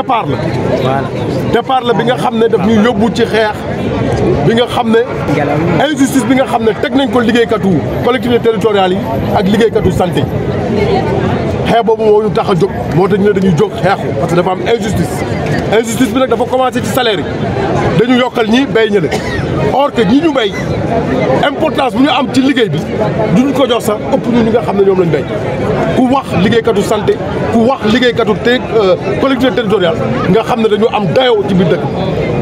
départ la. départ la bi nga xam ne daf ñuy yóbbu ci xeex bi nga xam ne. injustice bi nga xam ne teg nañ ko liggéeykatu collectivités territoriales yi ak liggéeykatu santé xeex boobu moo ñu tax a jóg moo tax ñu ne dañuy jóg xeexu parce que dafa am injustice. injustice bi nag dafa commencé ci salaire dañu yokkal ñi béy ñële or que ñi ñu béy importance bu ñu am ci liggéey bi duñu ko jox sax ëpp ñu ñi nga xam ne ñoom lañ béy ku wax liggéeykatu santé ku wax liggéeykatu te euh, collectivité territoriale nga xam ne dañu am dayoo ci biir dëkk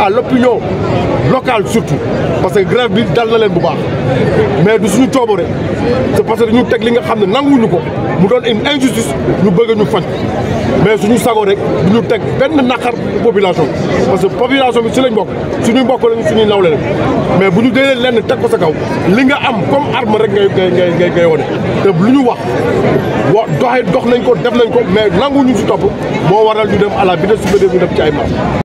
à l'opinion locale surtout parce que grève bi dal na leen bu baax mais du suñu coobare c'est parce que dañu teg li nga xam ne nanguwuñu ko mu doon une injustice ñu bëgg ñu faj mais suñu sago rek du ñu teg benn naqar population parce que population bi si lañ bokk suñuy mbokk lañ suñuy nawle lañ mais bu ñu délee lenn teg ko sa kaw li nga am comme arme rek ngay ngay ngay ngay wone te lu ñu wax wa doxe dox nañ ko def nañ ko mais nanguwuñu si topp moo waral ñu dem à la vitesse supérieure ñu def ci ay marche